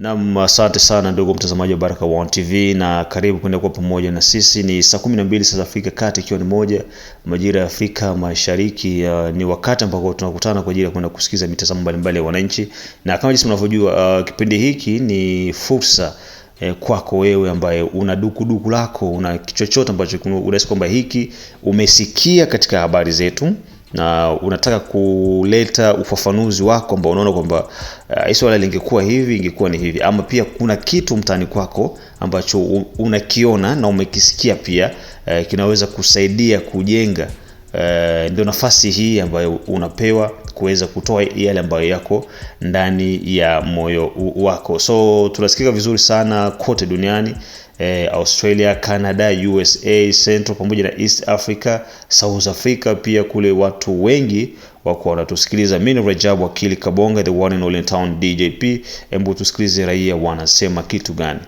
Naam, asante sana ndugu mtazamaji wa Baraka One TV na karibu kwenda kuwa pamoja na sisi. Ni saa kumi na mbili saa za Afrika Kati, ikiwa ni moja majira ya Afrika Mashariki. Uh, ni wakati ambako tunakutana kwa ajili ya kwenda kusikiza mitazamo mbalimbali ya wananchi, na kama jinsi mnavyojua uh, kipindi hiki ni fursa eh, kwako wewe ambaye una dukuduku lako, una chochote ambacho unahisi kwamba hiki umesikia katika habari zetu na unataka kuleta ufafanuzi wako ambao unaona kwamba uh, swala lingekuwa hivi ingekuwa ni hivi ama pia kuna kitu mtaani kwako ambacho unakiona na umekisikia pia uh, kinaweza kusaidia kujenga uh, ndio nafasi hii ambayo unapewa kuweza kutoa yale ambayo yako ndani ya moyo wako so tunasikika vizuri sana kote duniani eh, Australia, Canada, USA, Central pamoja na East Africa, South Africa pia kule watu wengi wako wanatusikiliza. Mimi ni Rajab Wakili Kabonga, the one and only in town DJP. Hebu tusikilize raia wanasema kitu gani?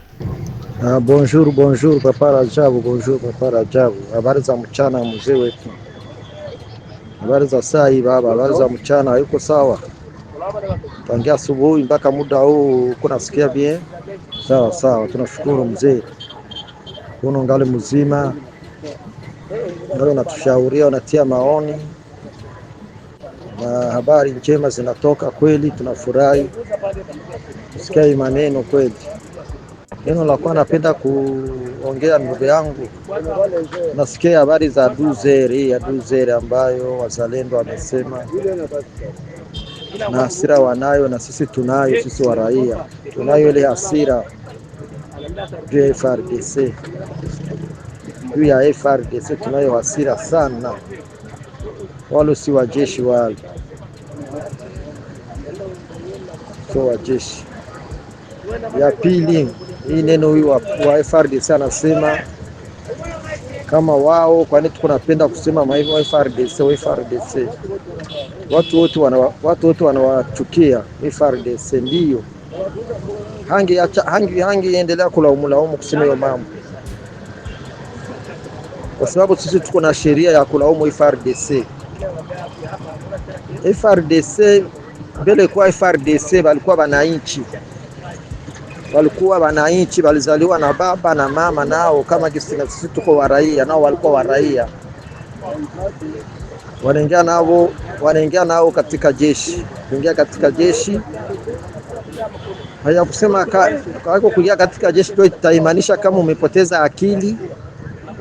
Ah, bonjour bonjour, papa Rajabu, bonjour papa Rajabu. Habari za mchana mzee wetu. Habari za saa hii baba, habari za mchana, yuko sawa? Tangia asubuhi mpaka muda huu uko nasikia Sawa sawa, tunashukuru mzee kuona ungali mzima, ungali unatushauria, unatia maoni na habari njema zinatoka kweli. Tunafurahi kusikia hii maneno kweli. Neno la kwa napenda kuongea ndugu yangu, nasikia habari za duzeri ya duzeri ambayo wazalendo wamesema na hasira wanayo, na sisi tunayo, sisi wa raia tunayo ile hasira juu ya FRDC. Juu ya FRDC tunayo hasira sana, walo si wajeshi, walo sio wajeshi. Ya pili hii neno huyu wa FRDC anasema kama wao, kwani tuko napenda kusema ma FRDC wa FRDC, watu wote wanawachukia FRDC, ndio hangi hangi hangi endelea kulaumu kusema hiyo mambo, kwa sababu sisi tuko na sheria ya kulaumu FRDC. FRDC mbele kwa FRDC balikuwa bananchi walikuwa wananchi, walizaliwa na baba na mama, nao kama sisi tuko waraia, nao walikuwa waraia, wanaingia nao wanaingia nao katika jeshi, kuingia katika jeshi Haya, kusema kako kuingia katika jeshi ndio itaimanisha kama umepoteza akili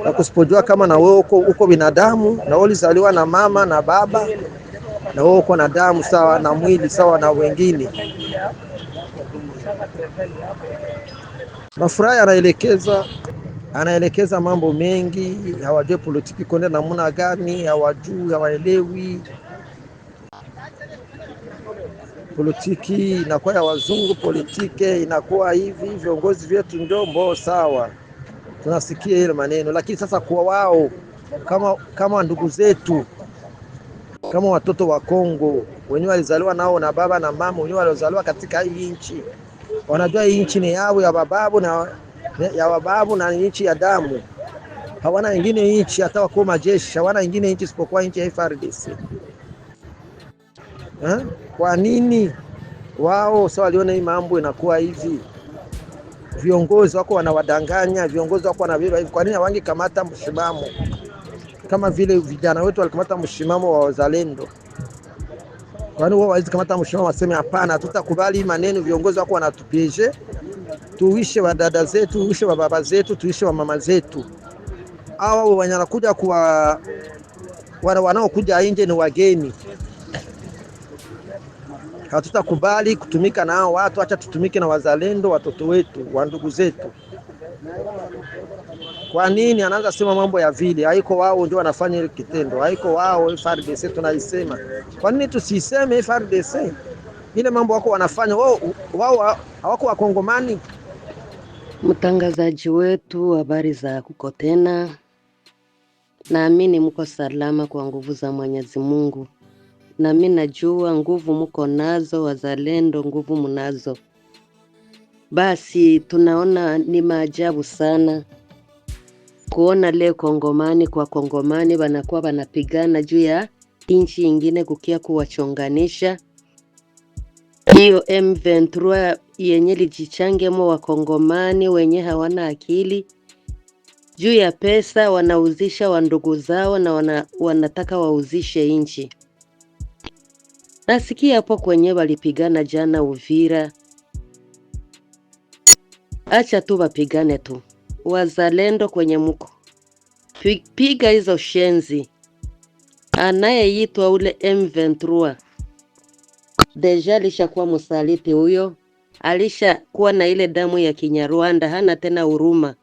na kusipojua kama na wewe uko, uko binadamu na wewe ulizaliwa na mama na baba na wewe uko na damu sawa na mwili sawa na wengine. Mafurahi anaelekeza anaelekeza mambo mengi, hawajui politiki kwenda namna gani, hawajui hawaelewi politiki inakuwa ya wazungu, politike inakuwa hivi, viongozi vyetu ndio mbo sawa, tunasikia ile maneno, lakini sasa kwa wao kama, kama ndugu zetu kama watoto wa Kongo wenyewe walizaliwa nao na baba na mama wenyewe walizaliwa katika hii nchi, wanajua hii nchi ni yao ya bababu na ya wababu na nchi ya damu. Hawana wengine nchi, hata wako majeshi hawana wengine nchi isipokuwa nchi ya FRDC ha? Kwa nini wao sasa waliona hii mambo inakuwa hivi? Viongozi wako wanawadanganya, viongozi wako wanabeba hivi. Kwa nini hawangekamata msimamo kama vile vijana wetu walikamata msimamo wa wazalendo? Kwa nini wao hawezi kamata msimamo, waseme hapana, hii maneno, viongozi wako wanatupeje, tuishe wadada zetu, tuishe wababa zetu, tuishe wamama zetu. Hawa wanakuja kuwa wanaokuja nje ni wageni hatutakubali kutumika na hao watu. Acha tutumike na wazalendo, watoto wetu, wa ndugu zetu. Kwa nini anaanza sema mambo ya vile? Haiko wao ndio wanafanya ile kitendo, haiko wao FARDC tunaisema. Kwa nini tusiseme FARDC? Ile mambo wako wanafanya wao, wao hawako wakongomani. Mtangazaji wetu, habari za kuko tena. Naamini mko salama kwa nguvu za Mwenyezi Mungu na mi najua nguvu mko nazo, wazalendo nguvu mnazo. Basi tunaona ni maajabu sana kuona leo kongomani kwa kongomani wanakuwa wanapigana juu ya nchi ingine kukia kuwachonganisha. Hiyo M23 yenye lijichangemo wakongomani wenye hawana akili juu ya pesa, wanauzisha wandugu zao na wana, wanataka wauzishe nchi. Nasikia hapo kwenye walipigana jana Uvira. Acha tu wapigane tu, wazalendo kwenye mko piga hizo shenzi. Anayeitwa ule M23 deja alishakuwa msaliti huyo, alishakuwa na ile damu ya Kinyarwanda, hana tena huruma,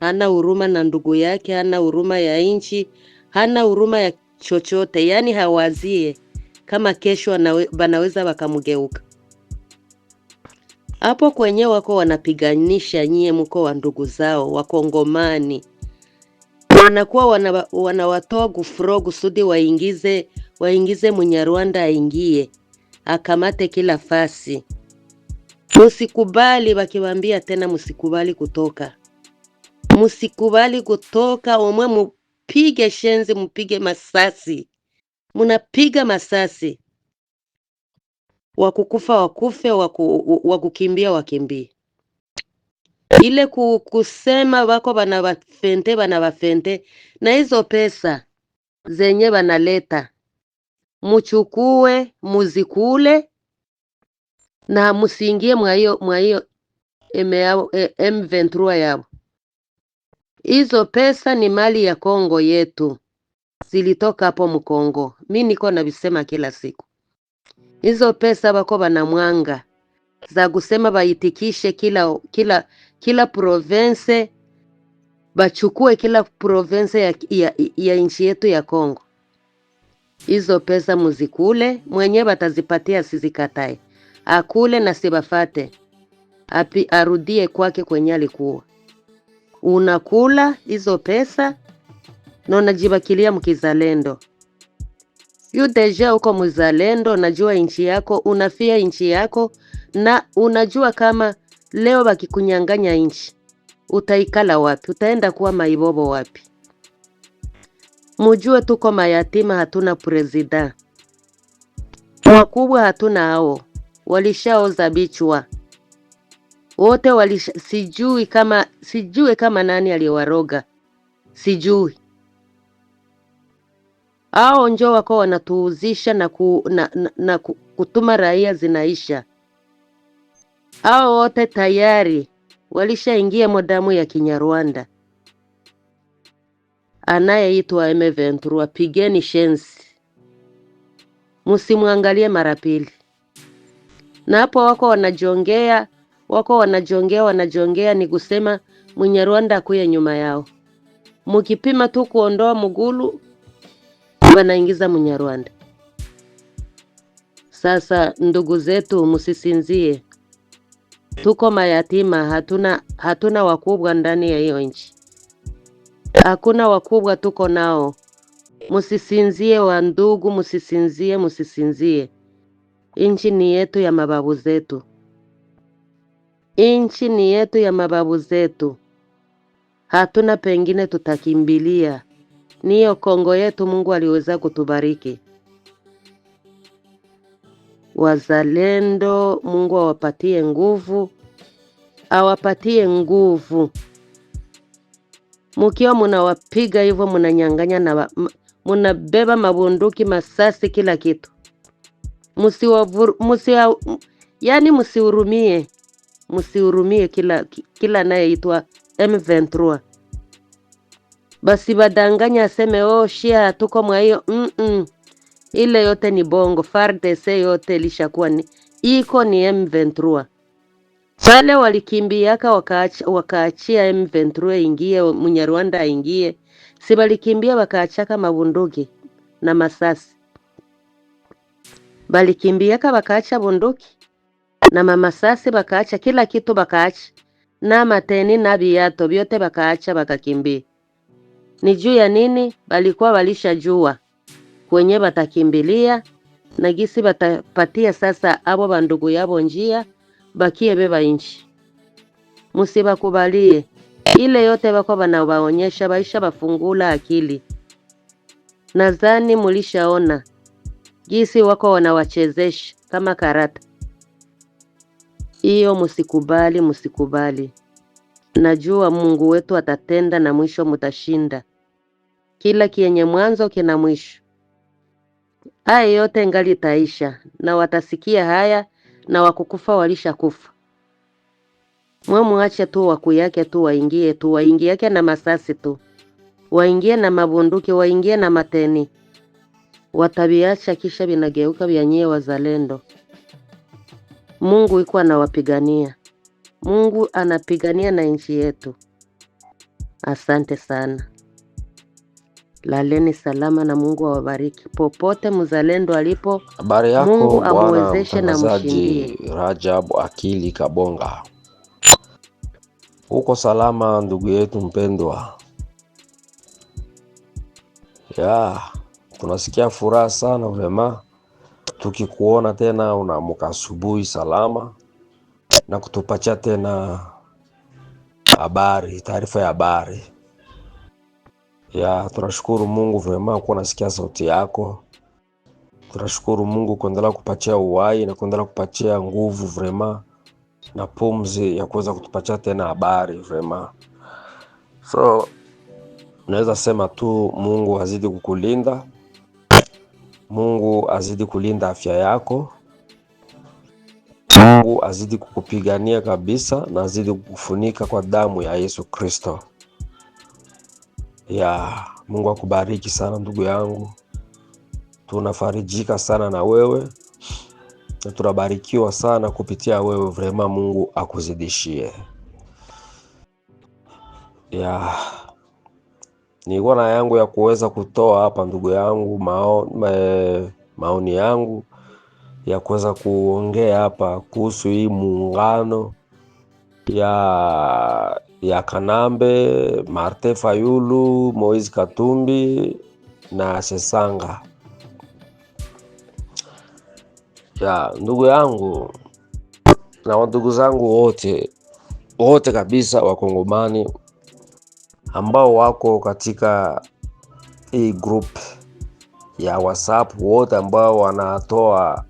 hana huruma na ndugu yake, hana huruma ya nchi, hana huruma ya chochote, yaani hawazie kama kesho wanaweza wakamgeuka. Hapo kwenye wako wanapiganisha, nyie mko wa ndugu zao Wakongomani, wanakuwa wanawatoa gufuro kusudi waingize waingize Munyarwanda aingie akamate kila fasi. Musikubali, wakiwambia tena musikubali kutoka, musikubali kutoka, omwe mupige shenzi, mupige masasi mnapiga masasi, wakukufa wakufe, wakukimbia wakimbie. Ile kusema wako bana bafente bana bafente, na hizo pesa zenye banaleta muchukue muzikule na musingie mwa hiyo M23 e, Hizo pesa ni mali ya Kongo yetu zilitoka hapo Mkongo. Mi niko navisema kila siku, hizo pesa bako mwanga za kusema waitikishe kila kila kila province bachukue kila province ya, ya, ya nchi yetu ya Kongo. Hizo pesa muzikule mwenye batazipatia, sizikatae akule na sibafate api, arudie kwake kwenye alikuwa unakula hizo pesa na unajibakilia mkizalendo. Yu deja uko mzalendo, unajua nchi yako, unafia nchi yako, na unajua kama leo wakikunyang'anya nchi utaikala wapi? Utaenda kuwa maibobo wapi? Mujue tuko mayatima, hatuna prezida, wakubwa hatuna, hao walishaoza bichwa wote walisha, sijui kama sijui kama nani aliwaroga, sijui hao njoo wako wanatuuzisha na, ku, na, na, na kutuma raia zinaisha. Hao wote tayari walishaingia modamu ya Kinyarwanda anayeitwa M23. shensi, msimwangalie mara pili. Na hapo wako wanajongea, wako wanajongea, wanajongea ni kusema Munyarwanda akuye nyuma yao. Mukipima tu kuondoa Mugulu wanaingiza Munyarwanda. Sasa ndugu zetu, msisinzie, tuko mayatima, hatuna, hatuna wakubwa ndani ya hiyo nchi, hakuna wakubwa tuko nao. Msisinzie wa ndugu, msisinzie, msisinzie. Nchi ni yetu ya mababu zetu, nchi ni yetu ya mababu zetu, hatuna pengine tutakimbilia hiyo Kongo yetu Mungu aliweza kutubariki wazalendo. Mungu awapatie nguvu, awapatie nguvu. Mkiwa munawapiga hivyo, munanyang'anya na munabeba mabunduki, masasi, kila kitu, msiwavur musia, yani musihurumie, musihurumie kila kila anayeitwa M23 basi badanganya aseme oh, shia tuko mwa hiyo mm -mm. Ile yote ni bongo. FARDC yote ilishakuwa ni iko ni M23 pale walikimbiaka wakaachia M23 ingie, Munyarwanda aingie, si balikimbia wakaachaka mabunduki na masasi, balikimbiaka wakaacha bunduki na mamasasi, bakaacha kila kitu, bakaacha na mateni na viato vyote, bakaacha bakakimbia ni juu ya nini balikuwa walishajua kwenye batakimbilia na gisi batapatia sasa abo bandugu yabo njia bakie beba inchi. Musibakubalie ile yote bako banabaonyesha, baisha bafungula akili. Nadhani mulishaona gisi wako wanawachezesha kama karata. Hiyo musikubali, musikubali. Najua Mungu wetu atatenda na mwisho mutashinda. Kila kienye mwanzo kina mwisho. Haya yote ngali taisha, na watasikia haya, na wakukufa walishakufa. Mwamuache tu wakuyake tu waingie tu waingiake na masasi tu waingie na mabunduki waingie na mateni, watabiacha kisha vinageuka vyanyie wazalendo. Mungu iko anawapigania. Mungu anapigania na nchi yetu. Asante sana, laleni salama na Mungu awabariki popote mzalendo alipo. Habari yako Mungu amwezeshe na mshindie. Rajab Akili Kabonga, uko salama ndugu yetu mpendwa? Ya, tunasikia furaha sana ulema tukikuona tena, unaamuka asubuhi salama na kutupatia tena habari, taarifa ya habari ya. Tunashukuru Mungu vema kuwa nasikia sauti yako. Tunashukuru Mungu kuendelea kupatia uhai na kuendelea kupatia nguvu vrema na pumzi ya kuweza kutupatia tena habari vema. So naweza sema tu Mungu azidi kukulinda, Mungu azidi kulinda afya yako, Mungu azidi kukupigania kabisa na azidi kukufunika kwa damu ya Yesu Kristo. Ya Mungu akubariki sana ndugu yangu, tunafarijika sana na wewe na tunabarikiwa sana kupitia wewe vrema. Mungu akuzidishie. Ya nilikuwa na yangu ya kuweza kutoa hapa ndugu yangu, maoni, eh, maoni yangu ya kuweza kuongea hapa kuhusu hii muungano ya ya Kanambe, Marte Fayulu, Moise Katumbi na Sesanga. Ya ndugu yangu na wandugu zangu wote wote kabisa wakongomani ambao wako katika hii group ya WhatsApp, wote ambao wanatoa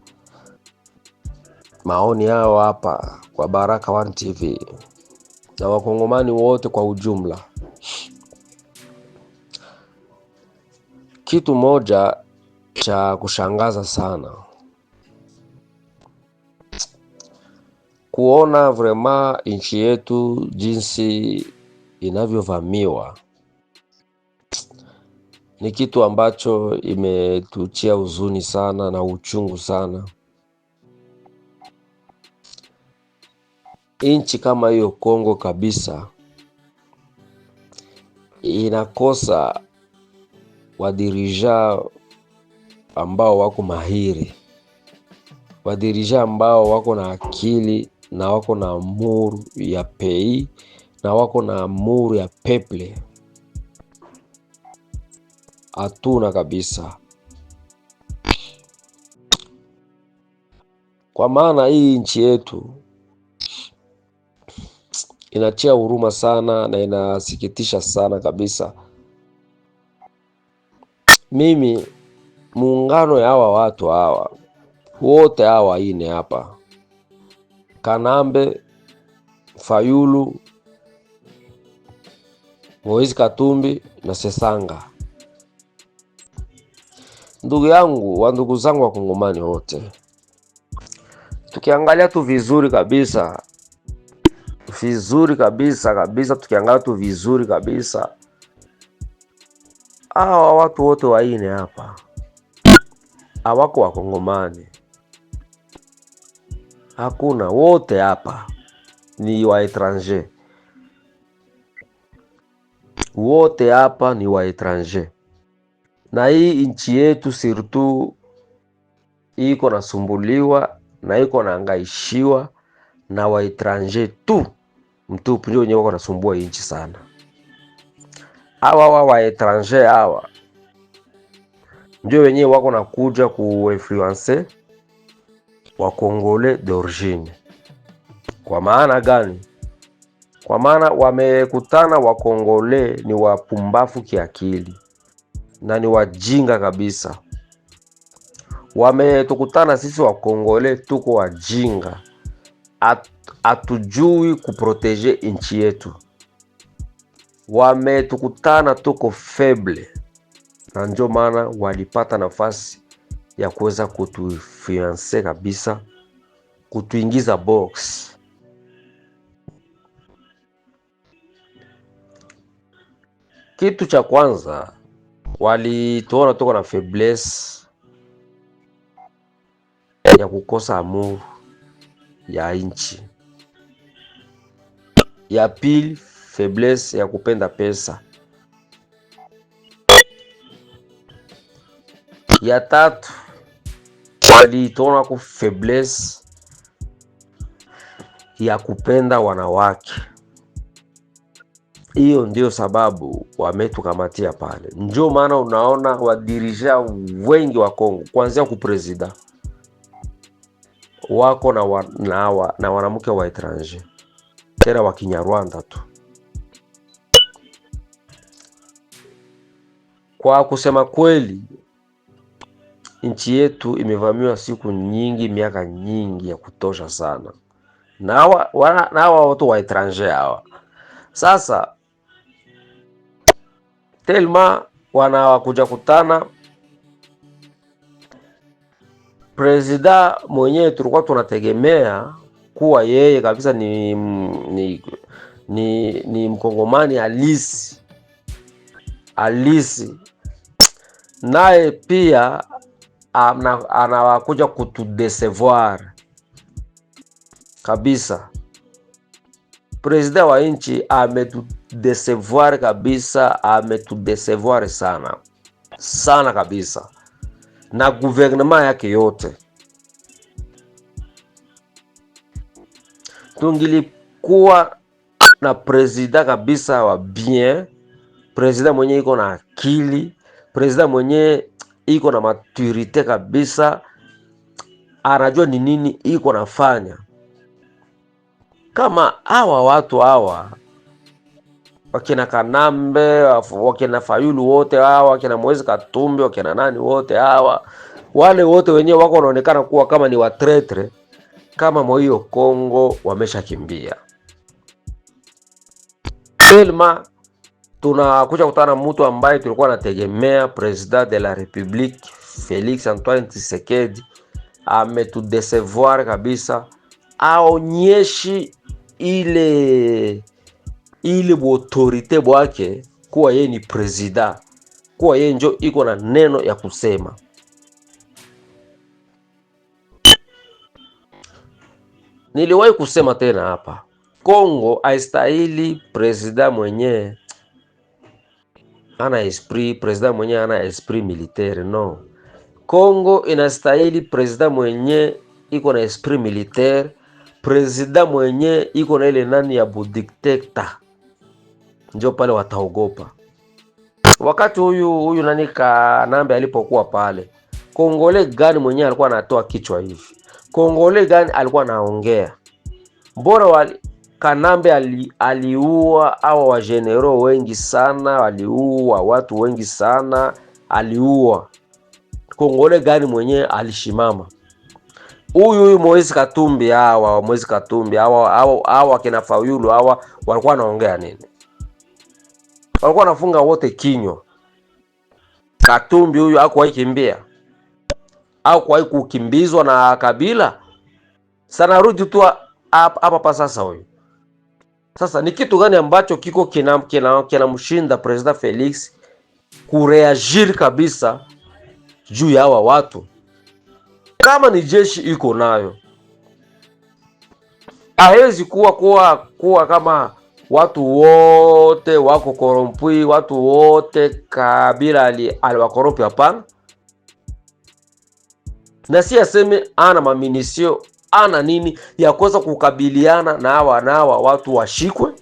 Maoni yao hapa kwa Baraka One TV na wakongomani wote kwa ujumla. Kitu moja cha kushangaza sana kuona vrema nchi yetu jinsi inavyovamiwa ni kitu ambacho imetuchia huzuni sana na uchungu sana. nchi kama hiyo Kongo kabisa inakosa wadirija ambao wako mahiri, wadirija ambao wako na akili na wako na amuru ya pei na wako na amuru ya peple. Hatuna kabisa, kwa maana hii nchi yetu inatia huruma sana na inasikitisha sana kabisa. Mimi muungano ya hawa watu hawa wote hawa ine hapa Kanambe, Fayulu, Moizi Katumbi na Sesanga, ndugu yangu wa ndugu zangu wa Kongomani wote, tukiangalia tu vizuri kabisa vizuri kabisa kabisa, tukiangalia tu vizuri kabisa, hawa watu wote waine hapa hawako Wakongomani, hakuna, wote hapa ni etranger, wote hapa ni waetranger. Na hii nchi yetu sirtu iko nasumbuliwa na iko naangaishiwa na waitranje tu mtupu, ndio wenyewe wako nasumbua inchi sana. Hawa wa waitranje hawa ndio wenyewe wako nakuja kuinfluence kongole d'origine. Kwa maana gani? Kwa maana wamekutana, wakongole ni wapumbafu kiakili na ni wajinga kabisa. Wametukutana sisi wakongole tuko wajinga hatujui at, kuproteje nchi yetu. Wametukutana tuko feble, na ndio maana walipata nafasi ya kuweza kutufinanse kabisa, kutuingiza box Kitu cha kwanza walituona tuko na feblesse ya kukosa amuru ya nchi. Ya pili, faiblesse ya kupenda pesa. Ya tatu waliitona ku faiblesse ya kupenda wanawake. Hiyo ndio sababu wametukamatia pale. njo maana unaona wadirija wengi wa Kongo kuanzia ku president wako na, wa, na, wa, na wanamke wa etranger tena wa Kinyarwanda tu. Kwa kusema kweli, nchi yetu imevamiwa siku nyingi, miaka nyingi ya kutosha sana na hawa watu wa etranger hawa. Sasa telma wanawakuja kutana Presida mwenyewe tulikuwa tunategemea kuwa yeye kabisa ni, ni, ni, ni mkongomani halisi halisi, naye pia anawakuja kutudesevoir kabisa. Presida wa nchi ametudesevoir kabisa, ametudesevoir sana sana kabisa na guvernema yake yote. Tungilikuwa na prezida kabisa wa bien, prezida mwenye iko na akili, prezida mwenye iko na maturite kabisa, anajua ni nini iko nafanya. Kama hawa watu hawa wakina Kanambe, wakina Fayulu wote hawa, wakina Moise Katumbi, wakina nani wote hawa, wale wote wenyewe wako wanaonekana kuwa kama ni watretre kama mwa hiyo Kongo wameshakimbia. Selma, tunakuja kutana mtu ambaye tulikuwa anategemea President de la Republique Felix Antoine Tshisekedi ametudesevoir kabisa, aonyeshi ile ili autorite bwake kuwa yeye ni presida, kuwa yeye njo iko na neno ya kusema. Niliwahi kusema tena hapa, Kongo haistahili presida mwenye ana esprit, presida mwenye ana esprit militaire no. Kongo inastahili presida mwenye iko na esprit militaire, presida mwenye iko na ile nani ya budiktekta ndio pale wataogopa. Wakati huyu huyu nani Kanambe alipokuwa pale, kongole gani mwenyewe alikuwa anatoa kichwa hivi? Kongole gani alikuwa anaongea? Mbora wali, Kanambe ali, aliua au wajenero wengi sana, aliua watu wengi sana, aliua. Kongole gani mwenyewe alishimama? Huyu huyu Moise Katumbi hawa Moise Katumbi hawa hawa kina Fayulu hawa walikuwa wanaongea nini? walikuwa wanafunga wote kinywa. Katumbi huyu hakuwahi kimbia, hakuwahi kukimbizwa na Kabila, rudi tu hapa pa sasa huyu. Sasa ni kitu gani ambacho kiko kinamshinda kina, kina President Felix kureagir kabisa juu ya hawa watu kama ni jeshi iko nayo, hawezi kuwa kuwa kuwa kama watu wote wako korompwi, watu wote Kabila aliwakorompi? Hapana, na si aseme ana maminisio ana nini ya kuweza kukabiliana na hawa na hawa watu washikwe,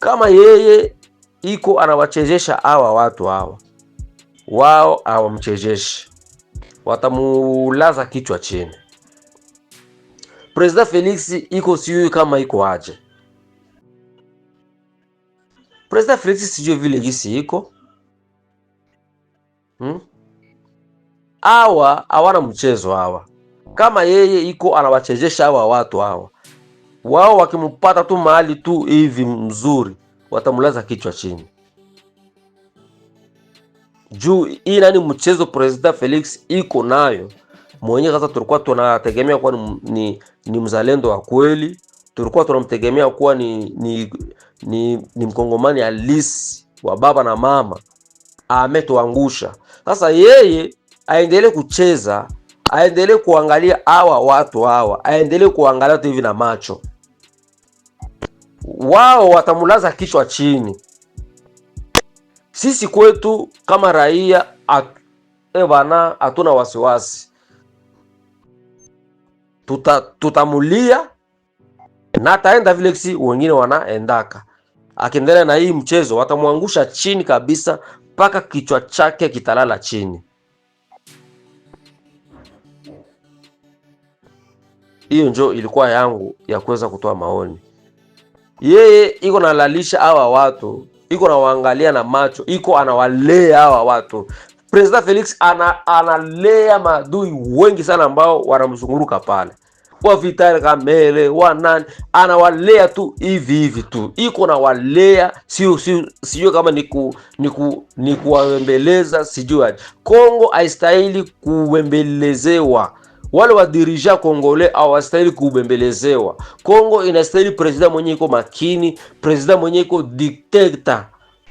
kama yeye iko anawachezesha hawa watu hawa, wao hawamchezeshi, watamulaza kichwa chini. Presida Felix iko sijui kama iko aje. Presida Felix sijui vile gisi iko hmm? Awa hawana mchezo hawa, kama yeye iko anawachezesha hawa watu hawa, wao wakimpata tu mahali tu hivi mzuri watamulaza kichwa chini juu hii nani mchezo Presida Felix iko nayo mwenye sasa tulikuwa tunategemea kuwa ni, ni, ni mzalendo wa kweli, tulikuwa tunamtegemea kuwa ni, ni, ni, ni mkongomani halisi wa baba na mama, ametuangusha. Sasa yeye aendelee kucheza, aendelee kuangalia hawa watu hawa, aendelee kuangalia tu hivi na macho wao, watamulaza kichwa chini. Sisi kwetu kama raia at, ebana eh hatuna wasiwasi tuta, tutamulia na ataenda vile kisi wengine wanaendaka. Akiendelea na hii mchezo watamwangusha chini kabisa mpaka kichwa chake kitalala chini. Hiyo njo ilikuwa yangu ya kuweza kutoa maoni. Yeye iko nalalisha hawa watu, iko nawaangalia na macho, iko anawalea hawa watu. President Felix ana, analea maadui wengi sana ambao wanamzunguruka pale, wa Vital Kamele wa nani, anawalea tu hivi hivi tu, iko na walea, sio sio, sio kama ni ku, ni kuwembeleza, sijui Kongo haistahili kuwembelezewa wale wa dirija Kongole awastahili kubembelezewa. Kongo inastahili president mwenye iko makini, president mwenye iko dictator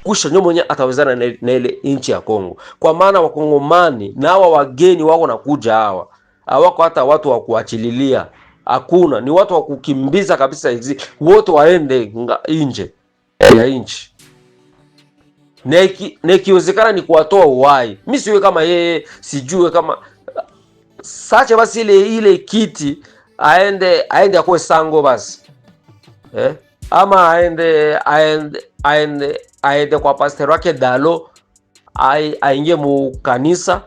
kusha nyo atawezana na ile nchi ya Kongo, kwa maana wakongomani na hawa wageni wako nakuja hawa hawako hata watu wa kuachililia, hakuna, ni watu wa kukimbiza kabisa, wote waende nje ya nchi na ni kuwatoa uwai. Mimi siwe kama yeye, sijue kama sache basi ile ile kiti aende aende akoe sango basi eh, ama aende aende aende aende kwa pastor wake Dalo aingie mu kanisa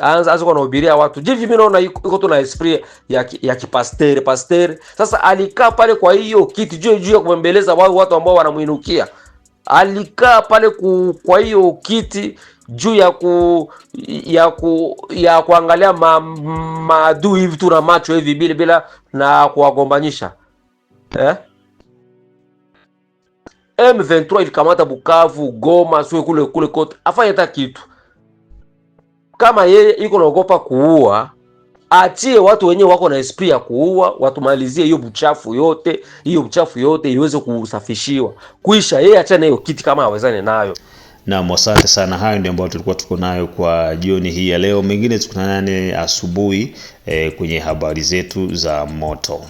aanze azi kuhubiria watu. Jivi mimi naona iko tu na esprit ya ki, ya kipasteri pasteri. Sasa alikaa pale kwa hiyo kiti juu juu ya kubembeleza wao watu ambao wanamuinukia. Alikaa pale ku, kwa hiyo kiti juu ya ku ya ku ya kuangalia ma, maadui hivi tu na macho hivi bila bila na kuwagombanyisha. Eh? M23 ilikamata Bukavu, Goma, sio kule kule kote, afanye hata kitu. Kama yeye iko naogopa kuua, achie watu wenyewe wako na SP ya kuua, watumalizie hiyo buchafu yote, hiyo buchafu yote iweze kusafishiwa. Kuisha yeye achane hiyo kiti kama awezane nayo. Naam, asante sana. Hayo ndio ambayo tulikuwa tuko nayo kwa jioni hii ya leo. Mengine tukutanane asubuhi eh, kwenye habari zetu za moto.